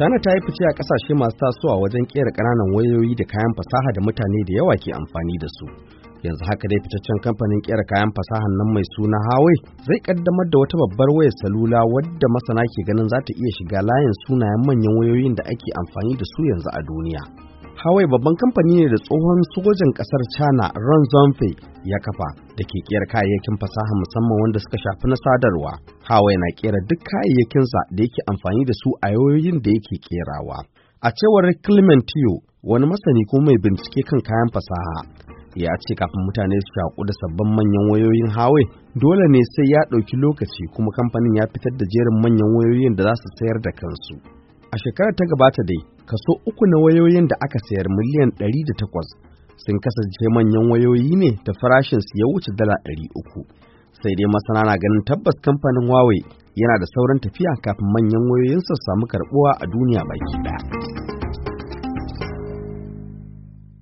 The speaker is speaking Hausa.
China ta yi fice a kasashe masu tasowa wajen kera kananan wayoyi da kayan fasaha da mutane da yawa ke amfani da su. Yanzu haka dai fitaccen kamfanin kera kayan fasahan nan mai suna Huawei zai kaddamar da wata babbar wayar salula wadda masana ke ganin za ta iya shiga layin sunayen manyan wayoyin da ake amfani da su yanzu a duniya. Huawei babban kamfani ne da tsohon sojan kasar China Ron ya kafa da ke kera kayayyakin fasaha musamman wanda suka shafi na sadarwa. Huawei na kera duk kayayyakinsa da yake amfani da su a yoyin da yake kerawa. A cewar Clement wani masani kuma mai bincike kan kayan fasaha, ya ce kafin mutane su shaƙu da sabbin manyan wayoyin Hawai dole ne sai ya ɗauki lokaci kuma kamfanin ya fitar da jerin manyan wayoyin da za su sayar da kansu. A shekarar ta gabata dai, kaso uku na wayoyin da aka sayar miliyan takwas sun kasance manyan wayoyi ne da su ya wuce dala ɗari uku, sai dai masana na ganin tabbas kamfanin huawei yana da sauran tafiya kafin manyan wayoyinsa su samu karbuwa a duniya baki ɗaya.